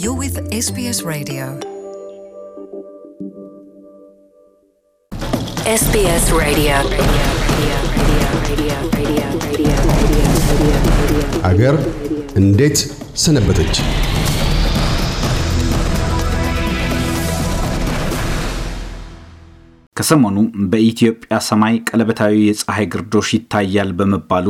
You're with SBS Radio. SBS Radio. አገር እንዴት ሰነበተች? ከሰሞኑ በኢትዮጵያ ሰማይ ቀለበታዊ የፀሐይ ግርዶሽ ይታያል በመባሉ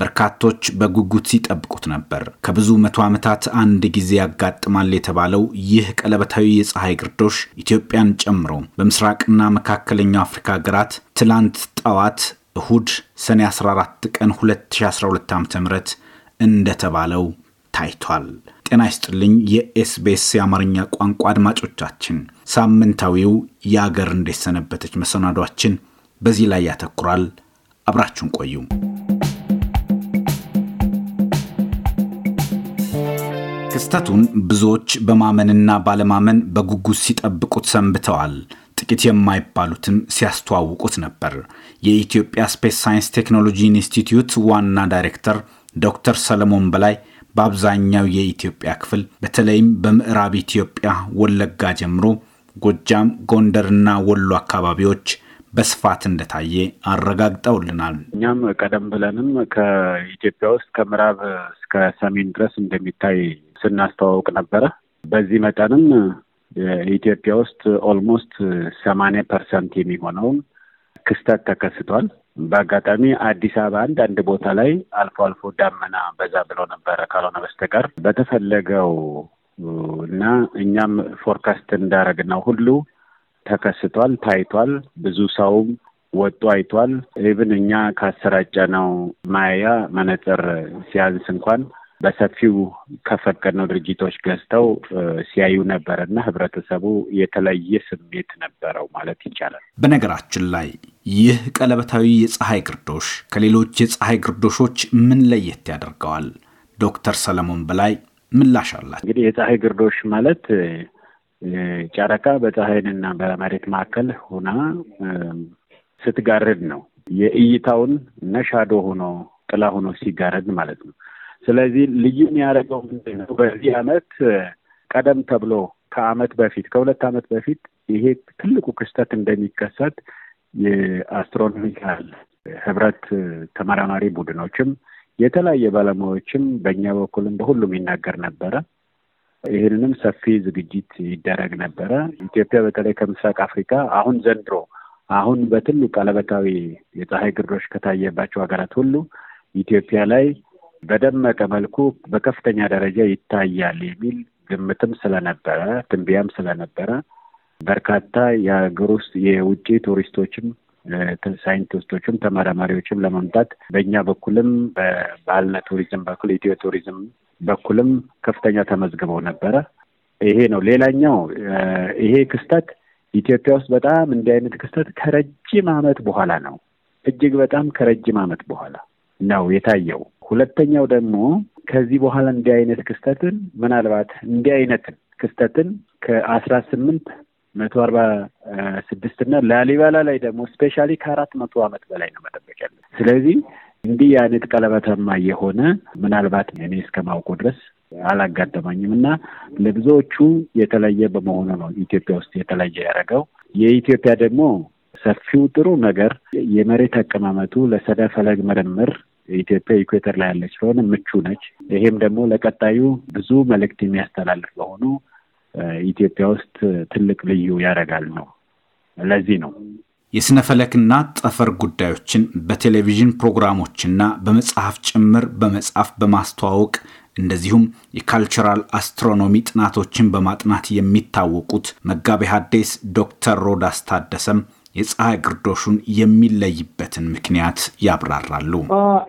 በርካቶች በጉጉት ሲጠብቁት ነበር። ከብዙ መቶ ዓመታት አንድ ጊዜ ያጋጥማል የተባለው ይህ ቀለበታዊ የፀሐይ ግርዶሽ ኢትዮጵያን ጨምሮ በምስራቅና መካከለኛው አፍሪካ ሀገራት ትላንት ጠዋት እሁድ ሰኔ 14 ቀን 2012 ዓ ም እንደተባለው ታይቷል። ጤና ይስጥልኝ የኤስቤስ የአማርኛ ቋንቋ አድማጮቻችን፣ ሳምንታዊው የአገር እንዴት ሰነበተች መሰናዷችን በዚህ ላይ ያተኩራል። አብራችሁን ቆዩ። ነገስታቱን ብዙዎች በማመንና ባለማመን በጉጉት ሲጠብቁት ሰንብተዋል። ጥቂት የማይባሉትም ሲያስተዋውቁት ነበር። የኢትዮጵያ ስፔስ ሳይንስ ቴክኖሎጂ ኢንስቲትዩት ዋና ዳይሬክተር ዶክተር ሰለሞን በላይ በአብዛኛው የኢትዮጵያ ክፍል በተለይም በምዕራብ ኢትዮጵያ ወለጋ ጀምሮ ጎጃም፣ ጎንደርና ወሎ አካባቢዎች በስፋት እንደታየ አረጋግጠውልናል። እኛም ቀደም ብለንም ከኢትዮጵያ ውስጥ ከምዕራብ እስከ ሰሜን ድረስ እንደሚታይ ስናስተዋውቅ ነበረ። በዚህ መጠንም ኢትዮጵያ ውስጥ ኦልሞስት ሰማንያ ፐርሰንት የሚሆነውን ክስተት ተከስቷል። በአጋጣሚ አዲስ አበባ አንድ አንድ ቦታ ላይ አልፎ አልፎ ዳመና በዛ ብለው ነበረ። ካልሆነ በስተቀር በተፈለገው እና እኛም ፎርካስት እንዳደረግነው ሁሉ ተከስቷል፣ ታይቷል። ብዙ ሰውም ወጡ አይቷል። ኢቭን እኛ ካሰራጨ ነው ማያ መነጽር ሲያንስ እንኳን በሰፊው ከፈቀድነው ድርጅቶች ገዝተው ሲያዩ ነበር እና ህብረተሰቡ የተለየ ስሜት ነበረው ማለት ይቻላል። በነገራችን ላይ ይህ ቀለበታዊ የፀሐይ ግርዶሽ ከሌሎች የፀሐይ ግርዶሾች ምን ለየት ያደርገዋል? ዶክተር ሰለሞን በላይ ምላሽ አላት። እንግዲህ የፀሐይ ግርዶሽ ማለት ጨረቃ በፀሐይንና በመሬት መካከል ሆና ስትጋርድ ነው። የእይታውን ነሻዶ ሆኖ ጥላ ሆኖ ሲጋረድ ማለት ነው። ስለዚህ ልዩ የሚያደርገው ምንድን ነው? በዚህ አመት ቀደም ተብሎ ከአመት በፊት ከሁለት አመት በፊት ይሄ ትልቁ ክስተት እንደሚከሰት የአስትሮኖሚካል ህብረት ተመራማሪ ቡድኖችም የተለያየ ባለሙያዎችም በእኛ በኩልም በሁሉም ይናገር ነበረ። ይህንንም ሰፊ ዝግጅት ይደረግ ነበረ። ኢትዮጵያ በተለይ ከምስራቅ አፍሪካ አሁን ዘንድሮ አሁን በትልቅ ቀለበታዊ የፀሐይ ግርዶች ከታየባቸው ሀገራት ሁሉ ኢትዮጵያ ላይ በደመቀ መልኩ በከፍተኛ ደረጃ ይታያል የሚል ግምትም ስለነበረ ትንቢያም ስለነበረ በርካታ የሀገር ውስጥ የውጭ ቱሪስቶችም ሳይንቲስቶችም ተመራማሪዎችም ለመምጣት በእኛ በኩልም በባህልና ቱሪዝም በኩል ኢትዮ ቱሪዝም በኩልም ከፍተኛ ተመዝግበው ነበረ። ይሄ ነው። ሌላኛው ይሄ ክስተት ኢትዮጵያ ውስጥ በጣም እንዲህ አይነት ክስተት ከረጅም ዓመት በኋላ ነው እጅግ በጣም ከረጅም ዓመት በኋላ ነው የታየው። ሁለተኛው ደግሞ ከዚህ በኋላ እንዲህ አይነት ክስተትን ምናልባት እንዲህ አይነት ክስተትን ከአስራ ስምንት መቶ አርባ ስድስት እና ላሊበላ ላይ ደግሞ ስፔሻሊ ከአራት መቶ ዓመት በላይ ነው መጠበቅ ያለ። ስለዚህ እንዲህ አይነት ቀለበታማ የሆነ ምናልባት እኔ እስከማውቀው ድረስ አላጋጠመኝም እና ለብዙዎቹ የተለየ በመሆኑ ነው ኢትዮጵያ ውስጥ የተለየ ያደረገው። የኢትዮጵያ ደግሞ ሰፊው ጥሩ ነገር የመሬት አቀማመጡ ለሰደፈለግ ምርምር ኢትዮጵያ ኢኩዌተር ላይ ያለች ስለሆነ ምቹ ነች። ይሄም ደግሞ ለቀጣዩ ብዙ መልእክት የሚያስተላልፍ በሆኑ ኢትዮጵያ ውስጥ ትልቅ ልዩ ያደርጋል ነው። ለዚህ ነው የሥነ ፈለክና ጠፈር ጉዳዮችን በቴሌቪዥን ፕሮግራሞችና በመጽሐፍ ጭምር በመጽሐፍ በማስተዋወቅ እንደዚሁም የካልቸራል አስትሮኖሚ ጥናቶችን በማጥናት የሚታወቁት መጋቤ ሐዲስ ዶክተር ሮዳስ ታደሰም የፀሐይ ግርዶሹን የሚለይበትን ምክንያት ያብራራሉ።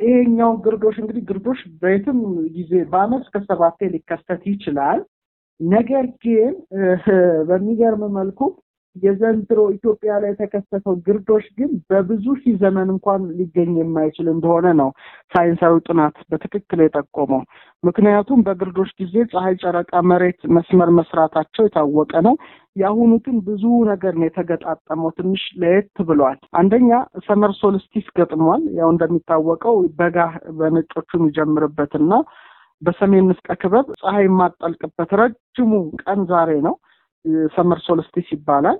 ይሄኛው ግርዶሽ እንግዲህ ግርዶሽ በየትም ጊዜ በአመት ከሰባቴ ሊከሰት ይችላል። ነገር ግን በሚገርም መልኩ የዘንድሮ ኢትዮጵያ ላይ የተከሰተው ግርዶሽ ግን በብዙ ሺህ ዘመን እንኳን ሊገኝ የማይችል እንደሆነ ነው ሳይንሳዊ ጥናት በትክክል የጠቆመው። ምክንያቱም በግርዶሽ ጊዜ ፀሐይ፣ ጨረቃ፣ መሬት መስመር መስራታቸው የታወቀ ነው። የአሁኑ ግን ብዙ ነገር ነው የተገጣጠመው። ትንሽ ለየት ብሏል። አንደኛ ሰመር ሶልስቲስ ገጥሟል። ያው እንደሚታወቀው በጋ በነጮቹ የሚጀምርበትና በሰሜን ንስቀ ክበብ ፀሐይ የማጠልቅበት ረጅሙ ቀን ዛሬ ነው። ሰመር ሶልስቲስ ይባላል።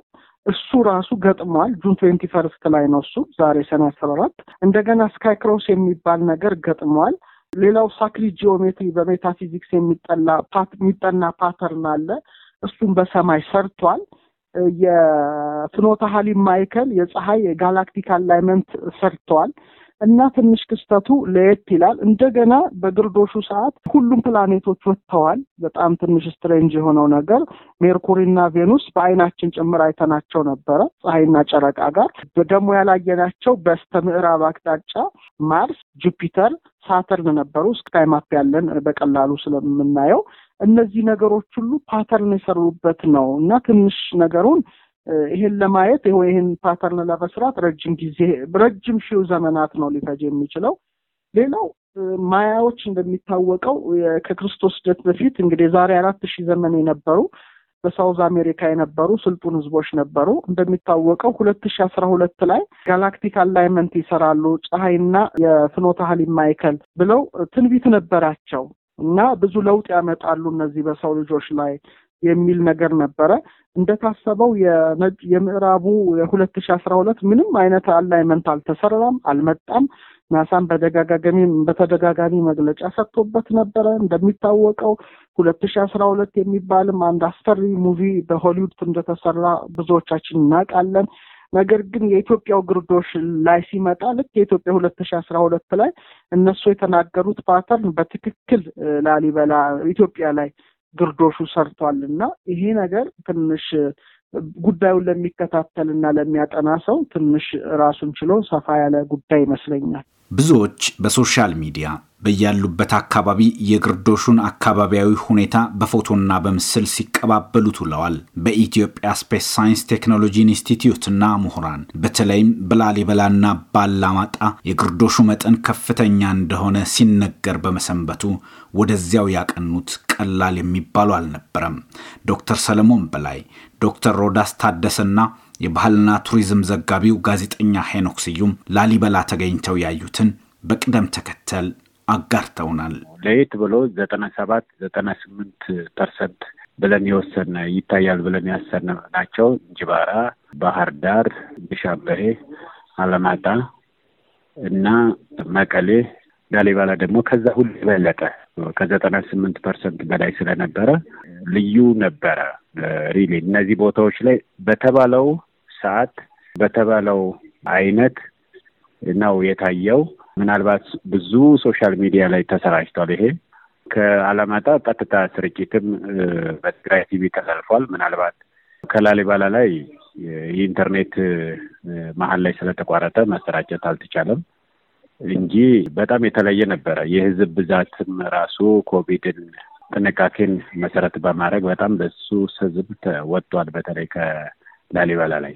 እሱ ራሱ ገጥሟል። ጁን ትዌንቲ ፈርስት ላይ ነው እሱ ዛሬ ሰኔ አስራ አራት እንደገና ስካይ ክሮስ የሚባል ነገር ገጥሟል። ሌላው ሳክሪ ጂኦሜትሪ በሜታፊዚክስ የሚጠና ፓተርን አለ። እሱም በሰማይ ሰርቷል። የፍኖተ ሀሊም ማይከል የፀሐይ የጋላክቲክ አላይመንት ሰርተዋል። እና ትንሽ ክስተቱ ለየት ይላል። እንደገና በግርዶሹ ሰዓት ሁሉም ፕላኔቶች ወጥተዋል። በጣም ትንሽ ስትሬንጅ የሆነው ነገር ሜርኩሪና ቬኑስ በአይናችን ጭምር አይተናቸው ነበረ ፀሐይና ጨረቃ ጋር ደግሞ ያላየናቸው በስተ ምዕራብ አቅጣጫ ማርስ፣ ጁፒተር፣ ሳተርን ነበሩ። ስካይ ማፕ ያለን በቀላሉ ስለምናየው እነዚህ ነገሮች ሁሉ ፓተርን የሰሩበት ነው እና ትንሽ ነገሩን ይሄን ለማየት ይሄን ፓተርን ለመስራት ረጅም ጊዜ ረጅም ሺው ዘመናት ነው ሊፈጅ የሚችለው። ሌላው ማያዎች እንደሚታወቀው ከክርስቶስ ልደት በፊት እንግዲህ ዛሬ አራት ሺህ ዘመን የነበሩ በሳውዝ አሜሪካ የነበሩ ስልጡን ህዝቦች ነበሩ። እንደሚታወቀው ሁለት ሺህ አስራ ሁለት ላይ ጋላክቲክ አላይመንት ይሰራሉ ፀሐይና የፍኖተ ሀሊብ ብለው ትንቢት ነበራቸው እና ብዙ ለውጥ ያመጣሉ እነዚህ በሰው ልጆች ላይ የሚል ነገር ነበረ። እንደታሰበው የነጭ የምዕራቡ የሁለት ሺ አስራ ሁለት ምንም አይነት አላይመንት አልተሰራም፣ አልመጣም። ናሳም በደጋጋሚ በተደጋጋሚ መግለጫ ሰጥቶበት ነበረ። እንደሚታወቀው ሁለት ሺ አስራ ሁለት የሚባልም አንድ አስፈሪ ሙቪ በሆሊውድ እንደተሰራ ብዙዎቻችን እናውቃለን። ነገር ግን የኢትዮጵያው ግርዶሽ ላይ ሲመጣ ልክ የኢትዮጵያ ሁለት ሺ አስራ ሁለት ላይ እነሱ የተናገሩት ፓተርን በትክክል ላሊበላ ኢትዮጵያ ላይ ግርዶሹ ሰርቷል እና ይሄ ነገር ትንሽ ጉዳዩን ለሚከታተልና ለሚያጠና ሰው ትንሽ ራሱን ችሎ ሰፋ ያለ ጉዳይ ይመስለኛል። ብዙዎች በሶሻል ሚዲያ በያሉበት አካባቢ የግርዶሹን አካባቢያዊ ሁኔታ በፎቶና በምስል ሲቀባበሉት ውለዋል። በኢትዮጵያ ስፔስ ሳይንስ ቴክኖሎጂ ኢንስቲትዩትና ምሁራን በተለይም በላሊበላና ባላማጣ የግርዶሹ መጠን ከፍተኛ እንደሆነ ሲነገር በመሰንበቱ ወደዚያው ያቀኑት ቀላል የሚባሉ አልነበረም። ዶክተር ሰለሞን በላይ፣ ዶክተር ሮዳስ ታደሰና የባህልና ቱሪዝም ዘጋቢው ጋዜጠኛ ሄኖክ ስዩም ላሊበላ ተገኝተው ያዩትን በቅደም ተከተል አጋርተውናል። ለየት ብሎ ዘጠና ሰባት ዘጠና ስምንት ፐርሰንት ብለን የወሰነ ይታያል ብለን ያሰነ ናቸው እንጅባራ፣ ባህር ዳር፣ ሻምበሬ፣ አለማጣ እና መቀሌ ላሊበላ ደግሞ ከዛ ሁሉ የበለጠ ከዘጠና ስምንት ፐርሰንት በላይ ስለነበረ ልዩ ነበረ። ሪሊ እነዚህ ቦታዎች ላይ በተባለው ሰዓት በተባለው አይነት ነው የታየው። ምናልባት ብዙ ሶሻል ሚዲያ ላይ ተሰራጭቷል። ይሄ ከአላማጣ ቀጥታ ስርጭትም በትግራይ ቲቪ ተላልፏል። ምናልባት ከላሊባላ ላይ የኢንተርኔት መሀል ላይ ስለተቋረጠ ማሰራጨት አልተቻለም እንጂ በጣም የተለየ ነበረ። የህዝብ ብዛትም ራሱ ኮቪድን ጥንቃቄን መሰረት በማድረግ በጣም በሱ ህዝብ ወጥቷል። በተለይ ላሊበላ ላይ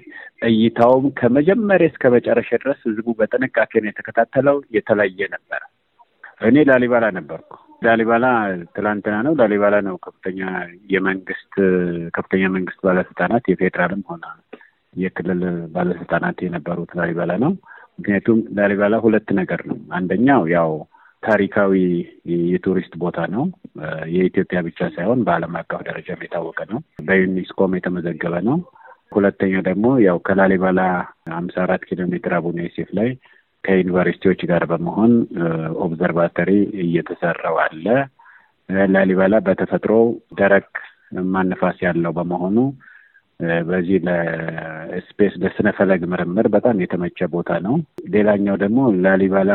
እይታውም ከመጀመሪያ እስከ መጨረሻ ድረስ ህዝቡ በጥንቃቄ ነው የተከታተለው። የተለየ ነበረ። እኔ ላሊበላ ነበርኩ። ላሊበላ ትላንትና ነው ላሊበላ ነው ከፍተኛ የመንግስት ከፍተኛ መንግስት ባለስልጣናት የፌዴራልም ሆነ የክልል ባለስልጣናት የነበሩት ላሊበላ ነው። ምክንያቱም ላሊበላ ሁለት ነገር ነው። አንደኛው ያው ታሪካዊ የቱሪስት ቦታ ነው። የኢትዮጵያ ብቻ ሳይሆን በዓለም አቀፍ ደረጃም የታወቀ ነው። በዩኒስኮም የተመዘገበ ነው። ሁለተኛ ደግሞ ያው ከላሊበላ አምሳ አራት ኪሎ ሜትር አቡነ ዮሴፍ ላይ ከዩኒቨርሲቲዎች ጋር በመሆን ኦብዘርቫተሪ እየተሰራው አለ። ላሊበላ በተፈጥሮ ደረቅ ማንፋስ ያለው በመሆኑ በዚህ ለስፔስ ለስነ ፈለግ ምርምር በጣም የተመቸ ቦታ ነው። ሌላኛው ደግሞ ላሊበላ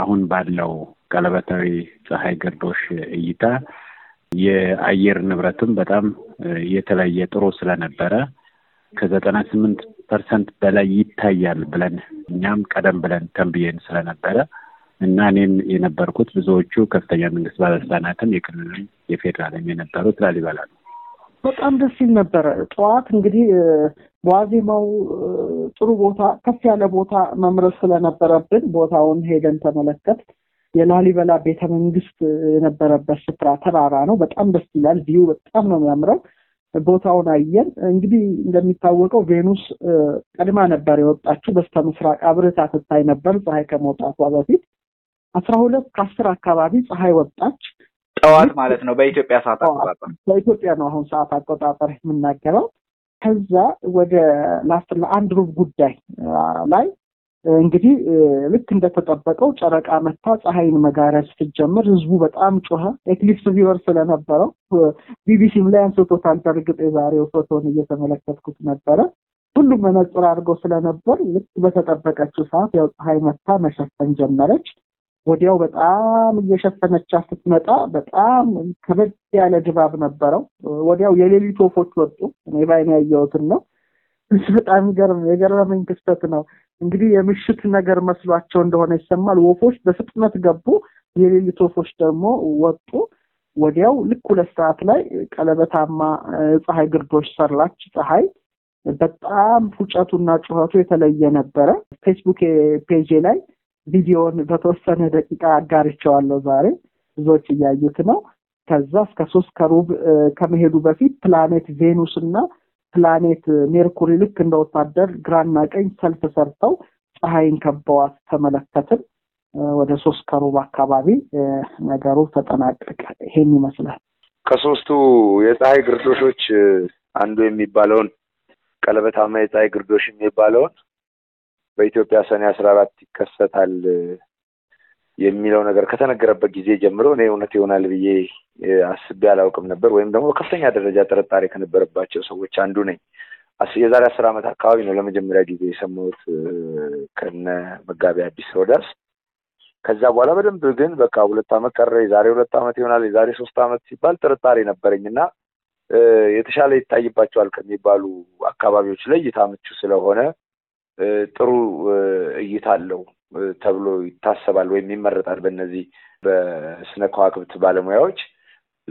አሁን ባለው ቀለበታዊ ፀሐይ ግርዶሽ እይታ የአየር ንብረትም በጣም የተለየ ጥሩ ስለነበረ ከዘጠና ስምንት ፐርሰንት በላይ ይታያል ብለን እኛም ቀደም ብለን ተንብዬን ስለነበረ እና እኔም የነበርኩት ብዙዎቹ ከፍተኛ መንግስት ባለስልጣናትም የክልልም የፌዴራልም የነበሩት ላሊበላ ነው። በጣም ደስ ይል ነበረ። ጠዋት እንግዲህ በዋዜማው ጥሩ ቦታ ከፍ ያለ ቦታ መምረጥ ስለነበረብን ቦታውን ሄደን ተመለከት። የላሊበላ ቤተ መንግስት የነበረበት ስፍራ ተራራ ነው። በጣም ደስ ይላል። ቪዩ በጣም ነው የሚያምረው። ቦታውን አየን። እንግዲህ እንደሚታወቀው ቬኑስ ቀድማ ነበር የወጣችው በስተ ምስራቅ አብርታ ትታይ ነበር ፀሐይ ከመውጣቷ በፊት አስራ ሁለት ከአስር አካባቢ ፀሐይ ወጣች። ጠዋት ማለት ነው በኢትዮጵያ ሰዓት አቆጣጠር። በኢትዮጵያ ነው አሁን ሰዓት አቆጣጠር የምናገረው። ከዛ ወደ ላስት ለአንድ ሩብ ጉዳይ ላይ እንግዲህ ልክ እንደተጠበቀው ጨረቃ መታ ፀሐይን መጋረድ ስትጀምር ህዝቡ በጣም ጮኸ። ኤክሊፕስ ቪወር ስለነበረው ቢቢሲም ላይ አንስቶታል። በእርግጥ የዛሬው ፎቶን እየተመለከትኩት ነበረ። ሁሉም መነጽር አድርገው ስለነበር ልክ በተጠበቀችው ሰዓት ያው ፀሐይ መታ መሸፈን ጀመረች። ወዲያው በጣም እየሸፈነቻት ስትመጣ በጣም ከበድ ያለ ድባብ ነበረው። ወዲያው የሌሊት ወፎች ወጡ። እኔ ባይን ያየሁትን ነው። በጣም ገርም የገረመኝ ክስተት ነው። እንግዲህ የምሽት ነገር መስሏቸው እንደሆነ ይሰማል። ወፎች በፍጥነት ገቡ፣ የሌሊት ወፎች ደግሞ ወጡ። ወዲያው ልክ ሁለት ሰዓት ላይ ቀለበታማ ፀሐይ ግርዶች ሰራች ፀሐይ። በጣም ፉጨቱና ጩኸቱ የተለየ ነበረ። ፌስቡክ ፔጄ ላይ ቪዲዮን በተወሰነ ደቂቃ አጋርቼዋለሁ። ዛሬ ብዙዎች እያዩት ነው። ከዛ እስከ ሶስት ከሩብ ከመሄዱ በፊት ፕላኔት ቬኑስ እና ፕላኔት ሜርኩሪ ልክ እንደ ወታደር ግራና ቀኝ ሰልፍ ሰርተው ፀሐይን ከበዋት ተመለከትን። ወደ ሶስት ከሩብ አካባቢ ነገሩ ተጠናቀቀ። ይሄን ይመስላል። ከሶስቱ የፀሐይ ግርዶሾች አንዱ የሚባለውን ቀለበታማ የፀሐይ ግርዶሽ የሚባለውን በኢትዮጵያ ሰኔ አስራ አራት ይከሰታል የሚለው ነገር ከተነገረበት ጊዜ ጀምሮ እኔ እውነት ይሆናል ብዬ አስቤ አላውቅም ነበር። ወይም ደግሞ በከፍተኛ ደረጃ ጥርጣሬ ከነበረባቸው ሰዎች አንዱ ነኝ። የዛሬ አስር ዓመት አካባቢ ነው ለመጀመሪያ ጊዜ የሰማሁት ከነ መጋቢ አዲስ ሮዳስ። ከዛ በኋላ በደንብ ግን በቃ ሁለት ዓመት ቀረ፣ የዛሬ ሁለት ዓመት ይሆናል፣ የዛሬ ሶስት ዓመት ሲባል ጥርጣሬ ነበረኝ እና የተሻለ ይታይባቸዋል ከሚባሉ አካባቢዎች እይታ ምቹ ስለሆነ ጥሩ እይታ አለው ተብሎ ይታሰባል ወይም ይመረጣል። በእነዚህ በስነ ከዋክብት ባለሙያዎች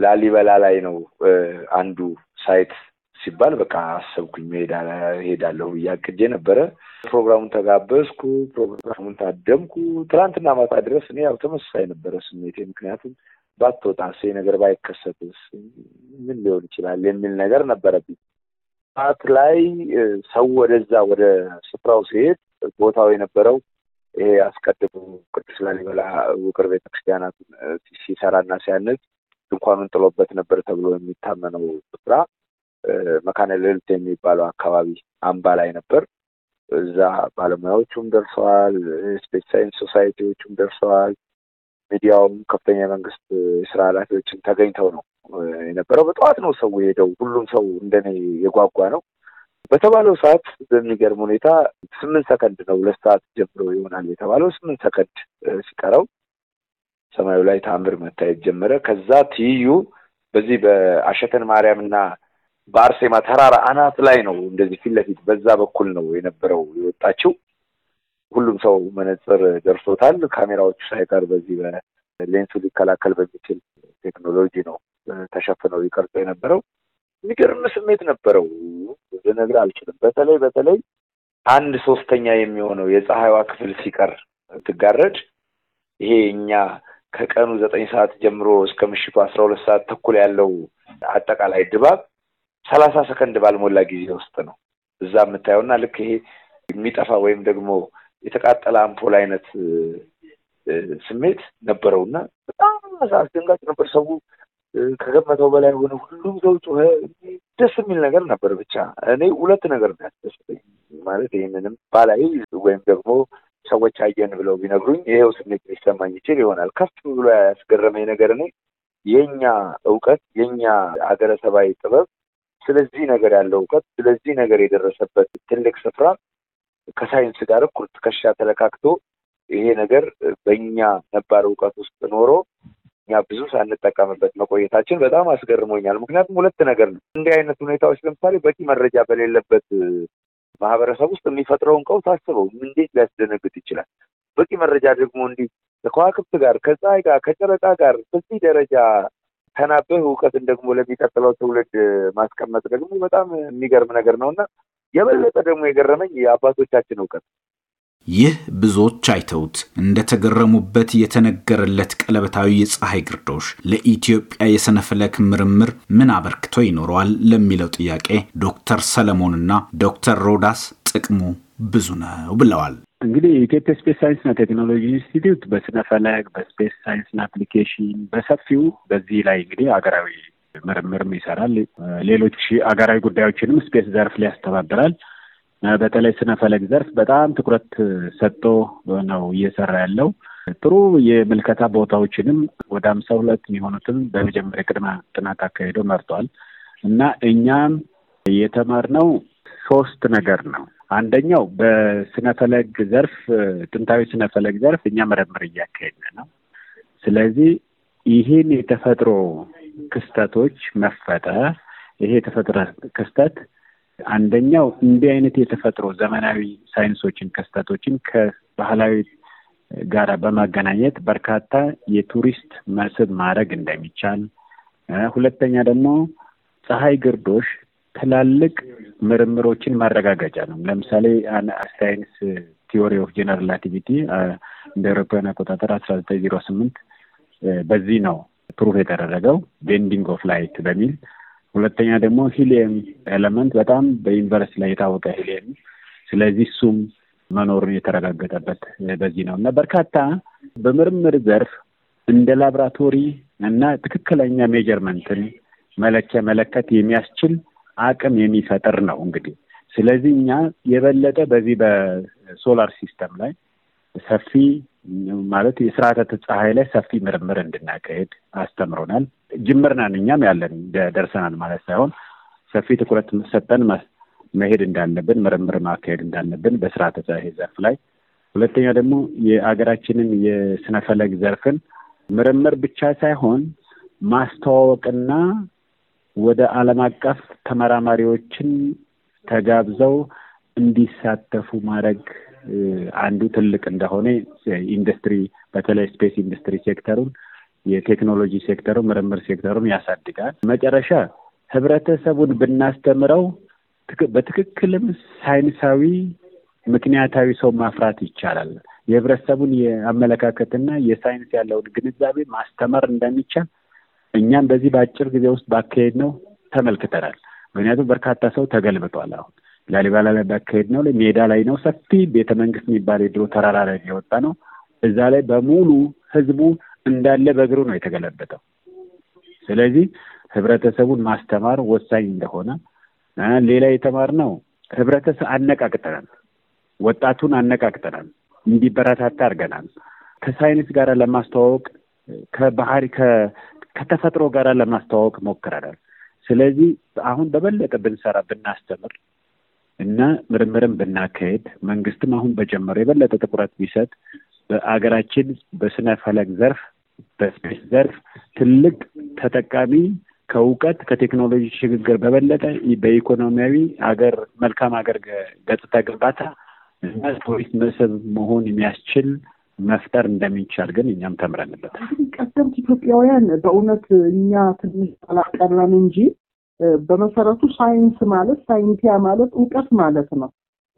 ላሊበላ ላይ ነው አንዱ ሳይት ሲባል በቃ አሰብኩኝ ሄዳለሁ እያቅጄ ነበረ። ፕሮግራሙን ተጋበዝኩ፣ ፕሮግራሙን ታደምኩ። ትላንትና ማታ ድረስ እኔ ያው ተመሳሳይ ነበረ ስሜቴ። ምክንያቱም ባትወጣስ፣ ነገር ባይከሰትስ፣ ምን ሊሆን ይችላል የሚል ነገር ነበረብኝ። ሰዓት ላይ ሰው ወደዛ ወደ ስፍራው ሲሄድ ቦታው የነበረው ይሄ አስቀድሞ ቅዱስ ላሊበላ ውቅር ቤተክርስቲያናት ሲሰራና ሲያንጽ ድንኳኑን ጥሎበት ነበር ተብሎ የሚታመነው ስፍራ መካነ ልዕልት የሚባለው አካባቢ አምባ ላይ ነበር። እዛ ባለሙያዎቹም ደርሰዋል፣ ስፔስ ሳይንስ ሶሳይቲዎቹም ደርሰዋል። ሚዲያውም ከፍተኛ የመንግስት የስራ ኃላፊዎችን ተገኝተው ነው የነበረው። በጠዋት ነው ሰው ሄደው ሁሉም ሰው እንደኔ የጓጓ ነው። በተባለው ሰዓት በሚገርም ሁኔታ ስምንት ሰከንድ ነው ሁለት ሰዓት ጀምሮ ይሆናል የተባለው ስምንት ሰከንድ ሲቀረው ሰማዩ ላይ ታምር መታየት ጀመረ። ከዛ ትይዩ በዚህ በአሸተን ማርያም እና በአርሴማ ተራራ አናት ላይ ነው እንደዚህ ፊት ለፊት በዛ በኩል ነው የነበረው የወጣችው። ሁሉም ሰው መነጽር ደርሶታል። ካሜራዎቹ ሳይቀር በዚህ በሌንሱ ሊከላከል በሚችል ቴክኖሎጂ ነው ተሸፍነው ይቀርጹ የነበረው። የሚገርም ስሜት ነበረው። ልነግርህ አልችልም። በተለይ በተለይ አንድ ሶስተኛ የሚሆነው የፀሐይዋ ክፍል ሲቀር ትጋረድ ይሄ እኛ ከቀኑ ዘጠኝ ሰዓት ጀምሮ እስከ ምሽቱ አስራ ሁለት ሰዓት ተኩል ያለው አጠቃላይ ድባብ ሰላሳ ሰከንድ ባልሞላ ጊዜ ውስጥ ነው እዛ የምታየውና ልክ ይሄ የሚጠፋ ወይም ደግሞ የተቃጠለ አምፖል አይነት ስሜት ነበረውና በጣም አስደንጋጭ ነበር። ሰው ከገመተው በላይ ሆነ። ሁሉም ሰው ጮኸ። ደስ የሚል ነገር ነበር። ብቻ እኔ ሁለት ነገር ነው ያስደስተኝ ማለት ይህንንም ባላይ ወይም ደግሞ ሰዎች አየን ብለው ቢነግሩኝ ይሄው ስሜት ሊሰማኝ ይችል ይሆናል። ከፍ ብሎ ያስገረመኝ ነገር እኔ የኛ እውቀት የኛ ሀገረ ሰባዊ ጥበብ ስለዚህ ነገር ያለው እውቀት ስለዚህ ነገር የደረሰበት ትልቅ ስፍራ ከሳይንስ ጋር እኩል ትከሻ ተለካክቶ ይሄ ነገር በእኛ ነባር እውቀት ውስጥ ኖሮ እኛ ብዙ ሳንጠቀምበት መቆየታችን በጣም አስገርሞኛል። ምክንያቱም ሁለት ነገር ነው። እንዲህ አይነት ሁኔታዎች ለምሳሌ በቂ መረጃ በሌለበት ማህበረሰብ ውስጥ የሚፈጥረውን ቀውስ አስበው እንዴት ሊያስደነግጥ ይችላል? በቂ መረጃ ደግሞ እንዲህ ከዋክብት ጋር ከፀሐይ ጋር ከጨረቃ ጋር በዚህ ደረጃ ተናበህ እውቀትን ደግሞ ለሚቀጥለው ትውልድ ማስቀመጥ ደግሞ በጣም የሚገርም ነገር ነው እና የበለጠ ደግሞ የገረመኝ የአባቶቻችን እውቀት ይህ ብዙዎች አይተውት እንደተገረሙበት የተነገረለት ቀለበታዊ የፀሐይ ግርዶሽ ለኢትዮጵያ የሰነፍለክ ምርምር ምን አበርክቶ ይኖረዋል ለሚለው ጥያቄ ዶክተር ሰለሞንና ዶክተር ሮዳስ ጥቅሙ ብዙ ነው ብለዋል። እንግዲህ የኢትዮጵያ ስፔስ ሳይንስና ቴክኖሎጂ ኢንስቲትዩት በስነ ፈለክ፣ በስፔስ ሳይንስና አፕሊኬሽን በሰፊው በዚህ ላይ እንግዲህ አገራዊ ምርምርም ይሰራል። ሌሎች አገራዊ ጉዳዮችንም ስፔስ ዘርፍ ላይ ያስተባብራል። በተለይ ስነ ዘርፍ በጣም ትኩረት ሰጥቶ ነው እየሰራ ያለው። ጥሩ የምልከታ ቦታዎችንም ወደ አምሳ ሁለት የሚሆኑትም በመጀመሪያ ቅድመ ጥናት አካሄዶ መርጧል እና እኛም የተማርነው ሶስት ነገር ነው። አንደኛው በስነፈለግ ዘርፍ ጥንታዊ ስነፈለግ ዘርፍ እኛ ምርምር እያካሄድን ነው። ስለዚህ ይህን የተፈጥሮ ክስተቶች መፈጠር ይሄ የተፈጥሮ ክስተት አንደኛው እንዲህ አይነት የተፈጥሮ ዘመናዊ ሳይንሶችን ክስተቶችን ከባህላዊ ጋር በማገናኘት በርካታ የቱሪስት መስህብ ማድረግ እንደሚቻል፣ ሁለተኛ ደግሞ ፀሐይ ግርዶሽ ትላልቅ ምርምሮችን ማረጋገጫ ነው። ለምሳሌ ሳይንስ ቲዎሪ ኦፍ ጀነራል ሪላቲቪቲ እንደ አውሮፓውያን አቆጣጠር አስራ ዘጠኝ ዜሮ ስምንት በዚህ ነው ፕሩፍ የተደረገው ቤንዲንግ ኦፍ ላይት በሚል ሁለተኛ ደግሞ ሂሊየም ኤለመንት በጣም በዩኒቨርስቲ ላይ የታወቀ ሂሊየም፣ ስለዚህ እሱም መኖሩን የተረጋገጠበት በዚህ ነው እና በርካታ በምርምር ዘርፍ እንደ ላብራቶሪ እና ትክክለኛ ሜጀርመንትን መለኪያ መለከት የሚያስችል አቅም የሚፈጥር ነው። እንግዲህ ስለዚህ እኛ የበለጠ በዚህ በሶላር ሲስተም ላይ ሰፊ ማለት የስርዓተ ፀሐይ ላይ ሰፊ ምርምር እንድናካሄድ አስተምሮናል። ጅምር ነን እኛም ያለን ደርሰናል ማለት ሳይሆን ሰፊ ትኩረት ሰጠን መሄድ እንዳለብን ምርምር ማካሄድ እንዳለብን በስራ ፀሐይ ዘርፍ ላይ ሁለተኛ ደግሞ የአገራችንን የስነፈለግ ዘርፍን ምርምር ብቻ ሳይሆን ማስተዋወቅና ወደ አለም አቀፍ ተመራማሪዎችን ተጋብዘው እንዲሳተፉ ማድረግ አንዱ ትልቅ እንደሆነ ኢንዱስትሪ በተለይ ስፔስ ኢንዱስትሪ ሴክተሩን የቴክኖሎጂ ሴክተሩ ምርምር ሴክተሩን ያሳድጋል። መጨረሻ ህብረተሰቡን ብናስተምረው በትክክልም ሳይንሳዊ ምክንያታዊ ሰው ማፍራት ይቻላል። የህብረተሰቡን የአመለካከትና የሳይንስ ያለውን ግንዛቤ ማስተማር እንደሚቻል እኛም በዚህ በአጭር ጊዜ ውስጥ ባካሄድ ነው ተመልክተናል። ምክንያቱም በርካታ ሰው ተገልብጧል። አሁን ላሊባላ ላይ ባካሄድ ነው ሜዳ ላይ ነው ሰፊ ቤተ መንግስት የሚባል የድሮ ተራራ ላይ የወጣ ነው። እዛ ላይ በሙሉ ህዝቡ እንዳለ በእግሩ ነው የተገለበጠው። ስለዚህ ህብረተሰቡን ማስተማር ወሳኝ እንደሆነ ሌላ የተማርነው ህብረተሰብ አነቃቅጠናል፣ ወጣቱን አነቃቅጠናል፣ እንዲበረታታ አድርገናል። ከሳይንስ ጋር ለማስተዋወቅ ከባህሪ ከተፈጥሮ ጋር ለማስተዋወቅ ሞክረናል። ስለዚህ አሁን በበለጠ ብንሰራ ብናስተምር እና ምርምርን ብናካሄድ መንግስትም አሁን በጀመረው የበለጠ ትኩረት ቢሰጥ በአገራችን በስነ ፈለግ ዘርፍ በስፔስ ዘርፍ ትልቅ ተጠቃሚ ከእውቀት ከቴክኖሎጂ ሽግግር በበለጠ በኢኮኖሚያዊ አገር መልካም ሀገር ገጽታ ግንባታ እና ቱሪስት መስህብ መሆን የሚያስችል መፍጠር እንደሚቻል ግን እኛም ተምረንበት። ቀደምት ኢትዮጵያውያን በእውነት እኛ ትንሽ አላቀረን እንጂ በመሰረቱ ሳይንስ ማለት ሳይንቲያ ማለት እውቀት ማለት ነው።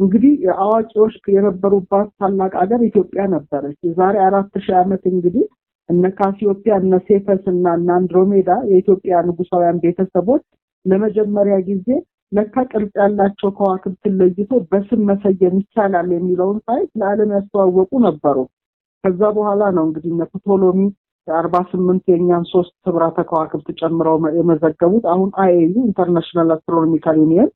እንግዲህ አዋቂዎች የነበሩባት ታላቅ ሀገር ኢትዮጵያ ነበረች። የዛሬ አራት ሺህ ዓመት እንግዲህ እነ ካሲዮጵያ እነ ሴፈስ እና እነ አንድሮሜዳ የኢትዮጵያ ንጉሳውያን ቤተሰቦች ለመጀመሪያ ጊዜ ለካ ቅርጽ ያላቸው ከዋክብትን ለይቶ በስም መሰየም ይቻላል የሚለውን ሳይት ለዓለም ያስተዋወቁ ነበሩ። ከዛ በኋላ ነው እንግዲህ እነ ፕቶሎሚ አርባ ስምንት የእኛን ሶስት ህብራተ ከዋክብት ጨምረው የመዘገቡት። አሁን አይኤዩ ኢንተርናሽናል አስትሮኖሚካል ዩኒየን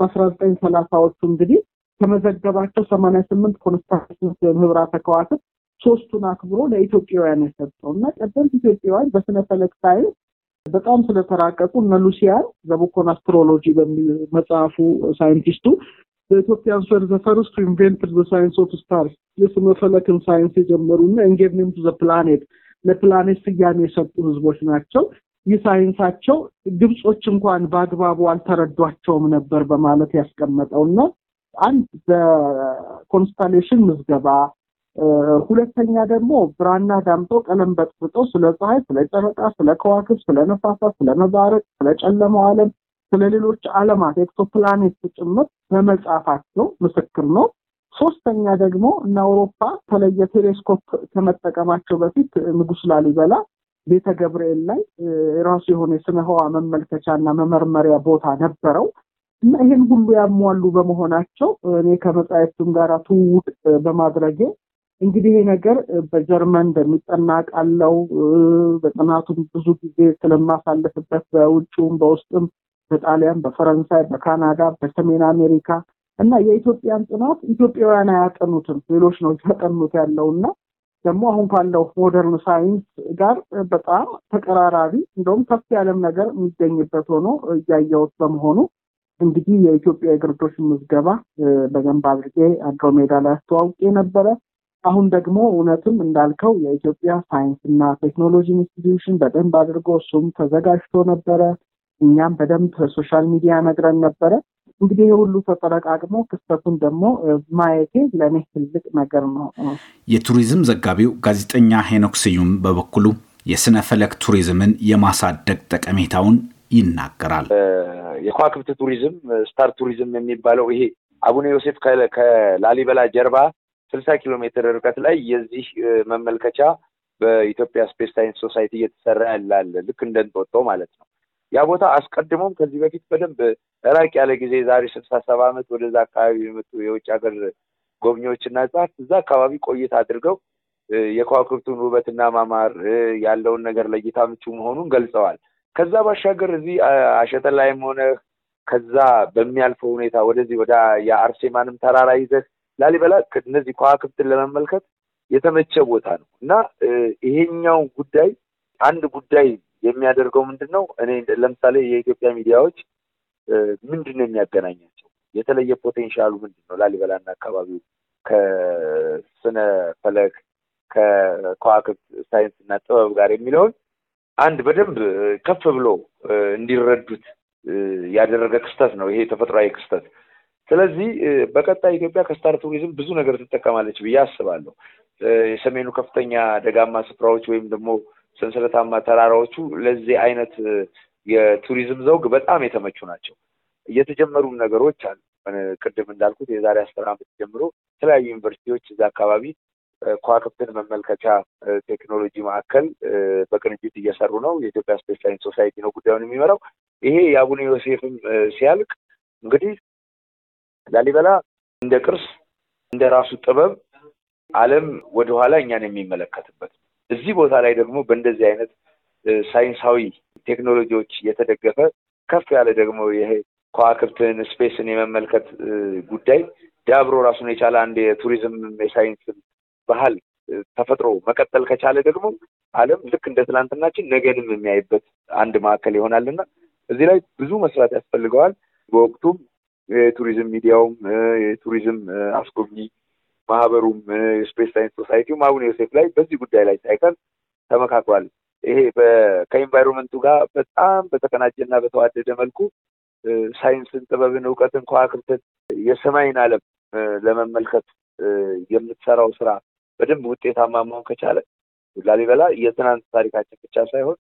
በአስራ ዘጠኝ ሰላሳዎቹ እንግዲህ ከመዘገባቸው ሰማንያ ስምንት ኮንስታንስ ህብራተ ከዋክብት ሶስቱን አክብሮ ለኢትዮጵያውያን የሰጠው እና ቀደምት ኢትዮጵያውያን በስነ ፈለክ ሳይንስ በጣም ስለተራቀቁ እነ ሉሲያን ዘቦኮን አስትሮሎጂ በሚል መጽሐፉ ሳይንቲስቱ በኢትዮጵያን ሰር ዘፈርስቱ ኢንቨንትድ ሳይንስ ኦፍ ስታር የስነ ፈለክን ሳይንስ የጀመሩ እና ኤንጌቭኒም ቱ ፕላኔት ለፕላኔት ስያሜ የሰጡ ህዝቦች ናቸው። ይህ ሳይንሳቸው ግብጾች እንኳን በአግባቡ አልተረዷቸውም ነበር በማለት ያስቀመጠው እና አንድ በኮንስታሌሽን ምዝገባ ሁለተኛ ደግሞ ብራና ዳምጦ ቀለም በጥብጦ ስለ ፀሐይ፣ ስለ ጨረቃ፣ ስለ ከዋክብ፣ ስለ ነፋሳት፣ ስለ መባረቅ፣ ስለ ጨለማው ዓለም፣ ስለ ሌሎች ዓለማት ኤክሶፕላኔት ጭምር በመጻፋቸው ምስክር ነው። ሶስተኛ ደግሞ እና አውሮፓ ተለየ ቴሌስኮፕ ከመጠቀማቸው በፊት ንጉስ ላሊበላ ቤተ ገብርኤል ላይ የራሱ የሆነ የስነ ህዋ መመልከቻና መመርመሪያ ቦታ ነበረው እና ይህን ሁሉ ያሟሉ በመሆናቸው እኔ ከመጽሐፍቱም ጋር ትውውቅ በማድረጌ እንግዲህ ይሄ ነገር በጀርመን እንደሚጠና ቃለው በጥናቱም ብዙ ጊዜ ስለማሳልፍበት በውጭውም በውስጥም በጣሊያን፣ በፈረንሳይ፣ በካናዳ፣ በሰሜን አሜሪካ እና የኢትዮጵያን ጥናት ኢትዮጵያውያን አያጠኑትም፣ ሌሎች ነው ያጠኑት ያለው እና ደግሞ አሁን ካለው ሞደርን ሳይንስ ጋር በጣም ተቀራራቢ እንደውም ከፍ ያለም ነገር የሚገኝበት ሆኖ እያየሁት በመሆኑ እንግዲህ የኢትዮጵያ የግርዶሽ ምዝገባ በደንብ አድርጌ አድሮ ሜዳ ላይ አስተዋውቄ ነበረ። አሁን ደግሞ እውነትም እንዳልከው የኢትዮጵያ ሳይንስና ቴክኖሎጂ ኢንስቲትዩሽን በደንብ አድርጎ እሱም ተዘጋጅቶ ነበረ። እኛም በደንብ ሶሻል ሚዲያ ነግረን ነበረ። እንግዲህ ይህ ሁሉ ተጠረቃቅሞ ክስተቱን ደግሞ ማየቴ ለእኔ ትልቅ ነገር ነው። የቱሪዝም ዘጋቢው ጋዜጠኛ ሄኖክ ስዩም በበኩሉ የስነ ፈለክ ቱሪዝምን የማሳደግ ጠቀሜታውን ይናገራል። የከዋክብት ቱሪዝም ስታር ቱሪዝም የሚባለው ይሄ አቡነ ዮሴፍ ከላሊበላ ጀርባ ስልሳ ኪሎ ሜትር ርቀት ላይ የዚህ መመልከቻ በኢትዮጵያ ስፔስ ሳይንስ ሶሳይቲ እየተሰራ ያላለ ልክ እንደንጦጦ ማለት ነው። ያ ቦታ አስቀድሞም ከዚህ በፊት በደንብ ራቅ ያለ ጊዜ ዛሬ ስልሳ ሰባ ዓመት ወደዛ አካባቢ የመጡ የውጭ ሀገር ጎብኚዎችና ሕጻናት እዛ አካባቢ ቆይታ አድርገው የከዋክብቱን ውበትና ማማር ያለውን ነገር ለእይታ ምቹ መሆኑን ገልጸዋል። ከዛ ባሻገር እዚህ አሸተ ላይም ሆነ ከዛ በሚያልፈው ሁኔታ ወደዚህ ወደ የአርሴማንም ተራራ ይዘህ ላሊበላ እነዚህ ከዋክብትን ለመመልከት የተመቸ ቦታ ነው እና ይሄኛው ጉዳይ አንድ ጉዳይ የሚያደርገው ምንድን ነው? እኔ ለምሳሌ የኢትዮጵያ ሚዲያዎች ምንድን ነው የሚያገናኛቸው? የተለየ ፖቴንሻሉ ምንድን ነው? ላሊበላና አካባቢው ከስነ ፈለክ ከከዋክብት ሳይንስና ጥበብ ጋር የሚለውን አንድ በደንብ ከፍ ብሎ እንዲረዱት ያደረገ ክስተት ነው። ይሄ ተፈጥሯዊ ክስተት ስለዚህ በቀጣይ ኢትዮጵያ ከስታር ቱሪዝም ብዙ ነገር ትጠቀማለች ብዬ አስባለሁ። የሰሜኑ ከፍተኛ ደጋማ ስፍራዎች ወይም ደግሞ ሰንሰለታማ ተራራዎቹ ለዚህ አይነት የቱሪዝም ዘውግ በጣም የተመቹ ናቸው። እየተጀመሩም ነገሮች አሉ። ቅድም እንዳልኩት የዛሬ አስር ዓመት ጀምሮ የተለያዩ ዩኒቨርሲቲዎች እዛ አካባቢ ከዋክብትን መመልከቻ ቴክኖሎጂ ማዕከል በቅንጅት እየሰሩ ነው። የኢትዮጵያ ስፔስ ሳይንስ ሶሳይቲ ነው ጉዳዩን የሚመራው። ይሄ የአቡነ ዮሴፍም ሲያልቅ እንግዲህ ላሊበላ እንደ ቅርስ እንደ ራሱ ጥበብ ዓለም ወደኋላ እኛን የሚመለከትበት እዚህ ቦታ ላይ ደግሞ በእንደዚህ አይነት ሳይንሳዊ ቴክኖሎጂዎች የተደገፈ ከፍ ያለ ደግሞ ይሄ ከዋክብትን ስፔስን የመመልከት ጉዳይ ዳብሮ ራሱን የቻለ አንድ የቱሪዝም የሳይንስ ባህል ተፈጥሮ መቀጠል ከቻለ ደግሞ አለም ልክ እንደ ትናንትናችን ነገንም የሚያይበት አንድ ማዕከል ይሆናልና እዚህ ላይ ብዙ መስራት ያስፈልገዋል። በወቅቱም የቱሪዝም ሚዲያውም የቱሪዝም አስጎብኚ ማህበሩም የስፔስ ሳይንስ ሶሳይቲውም አቡነ ዮሴፍ ላይ በዚህ ጉዳይ ላይ ሳይቀር ተመካክሯል። ይሄ ከኢንቫይሮንመንቱ ጋር በጣም በተቀናጀና በተዋደደ መልኩ ሳይንስን፣ ጥበብን፣ እውቀትን፣ ከዋክብትን የሰማይን ዓለም ለመመልከት የምትሰራው ስራ በደንብ ውጤታማ መሆን ከቻለ ላሊበላ የትናንት ታሪካችን ብቻ ሳይሆን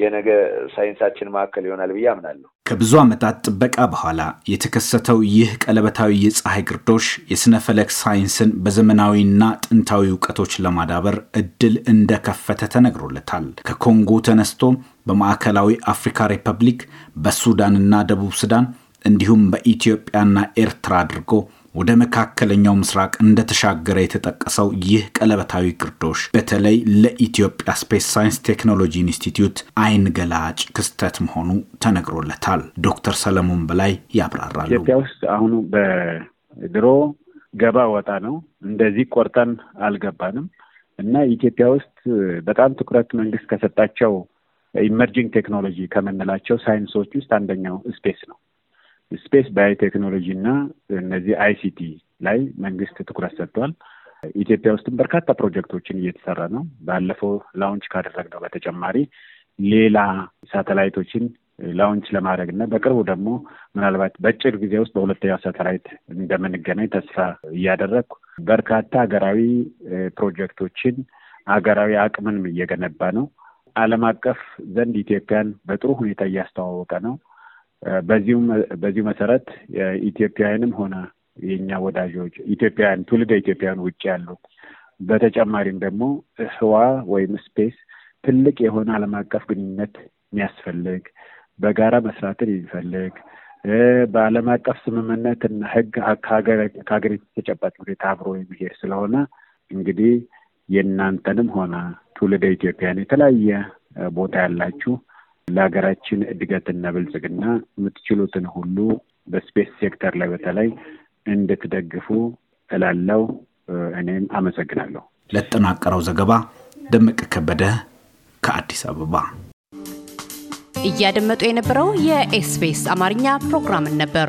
የነገ ሳይንሳችን ማዕከል ይሆናል ብዬ አምናለሁ። ከብዙ ዓመታት ጥበቃ በኋላ የተከሰተው ይህ ቀለበታዊ የፀሐይ ግርዶሽ የሥነ ፈለክ ሳይንስን በዘመናዊና ጥንታዊ እውቀቶች ለማዳበር እድል እንደከፈተ ተነግሮለታል። ከኮንጎ ተነስቶ በማዕከላዊ አፍሪካ ሪፐብሊክ፣ በሱዳንና ደቡብ ሱዳን እንዲሁም በኢትዮጵያና ኤርትራ አድርጎ ወደ መካከለኛው ምስራቅ እንደተሻገረ የተጠቀሰው ይህ ቀለበታዊ ግርዶሽ በተለይ ለኢትዮጵያ ስፔስ ሳይንስ ቴክኖሎጂ ኢንስቲትዩት አይን ገላጭ ክስተት መሆኑ ተነግሮለታል። ዶክተር ሰለሞን በላይ ያብራራሉ። ኢትዮጵያ ውስጥ አሁኑ በድሮ ገባ ወጣ ነው። እንደዚህ ቆርጠን አልገባንም እና ኢትዮጵያ ውስጥ በጣም ትኩረት መንግስት ከሰጣቸው ኢመርጂንግ ቴክኖሎጂ ከምንላቸው ሳይንሶች ውስጥ አንደኛው ስፔስ ነው። ስፔስ ባዮቴክኖሎጂ እና እነዚህ አይሲቲ ላይ መንግስት ትኩረት ሰጥቷል። ኢትዮጵያ ውስጥም በርካታ ፕሮጀክቶችን እየተሰራ ነው። ባለፈው ላውንች ካደረግነው በተጨማሪ ሌላ ሳተላይቶችን ላውንች ለማድረግ እና በቅርቡ ደግሞ ምናልባት በጭር ጊዜ ውስጥ በሁለተኛው ሳተላይት እንደምንገናኝ ተስፋ እያደረግኩ በርካታ ሀገራዊ ፕሮጀክቶችን ሀገራዊ አቅምንም እየገነባ ነው። ዓለም አቀፍ ዘንድ ኢትዮጵያን በጥሩ ሁኔታ እያስተዋወቀ ነው። በዚሁ መሰረት የኢትዮጵያውያንም ሆነ የእኛ ወዳጆች ኢትዮጵያውያን ትውልደ ኢትዮጵያውያን ውጭ ያሉ በተጨማሪም ደግሞ ህዋ ወይም ስፔስ ትልቅ የሆነ ዓለም አቀፍ ግንኙነት የሚያስፈልግ በጋራ መስራትን የሚፈልግ በዓለም አቀፍ ስምምነት እና ህግ ከሀገሪቱ ተጨባጭ ሁኔታ አብሮ የሚሄድ ስለሆነ እንግዲህ የእናንተንም ሆነ ትውልደ ኢትዮጵያን የተለያየ ቦታ ያላችሁ ለሀገራችን እድገትና ብልጽግና የምትችሉትን ሁሉ በስፔስ ሴክተር ላይ በተለይ እንድትደግፉ እላለው እኔም አመሰግናለሁ። ለተጠናቀረው ዘገባ ደመቀ ከበደ ከአዲስ አበባ። እያደመጡ የነበረው የኤስፔስ አማርኛ ፕሮግራምን ነበር።